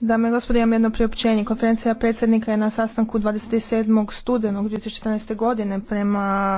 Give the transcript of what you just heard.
Dame i gospodine, imam jedno priopćenje. Konferencija predsjednika je na sastanku 27. studenog 2014. godine prema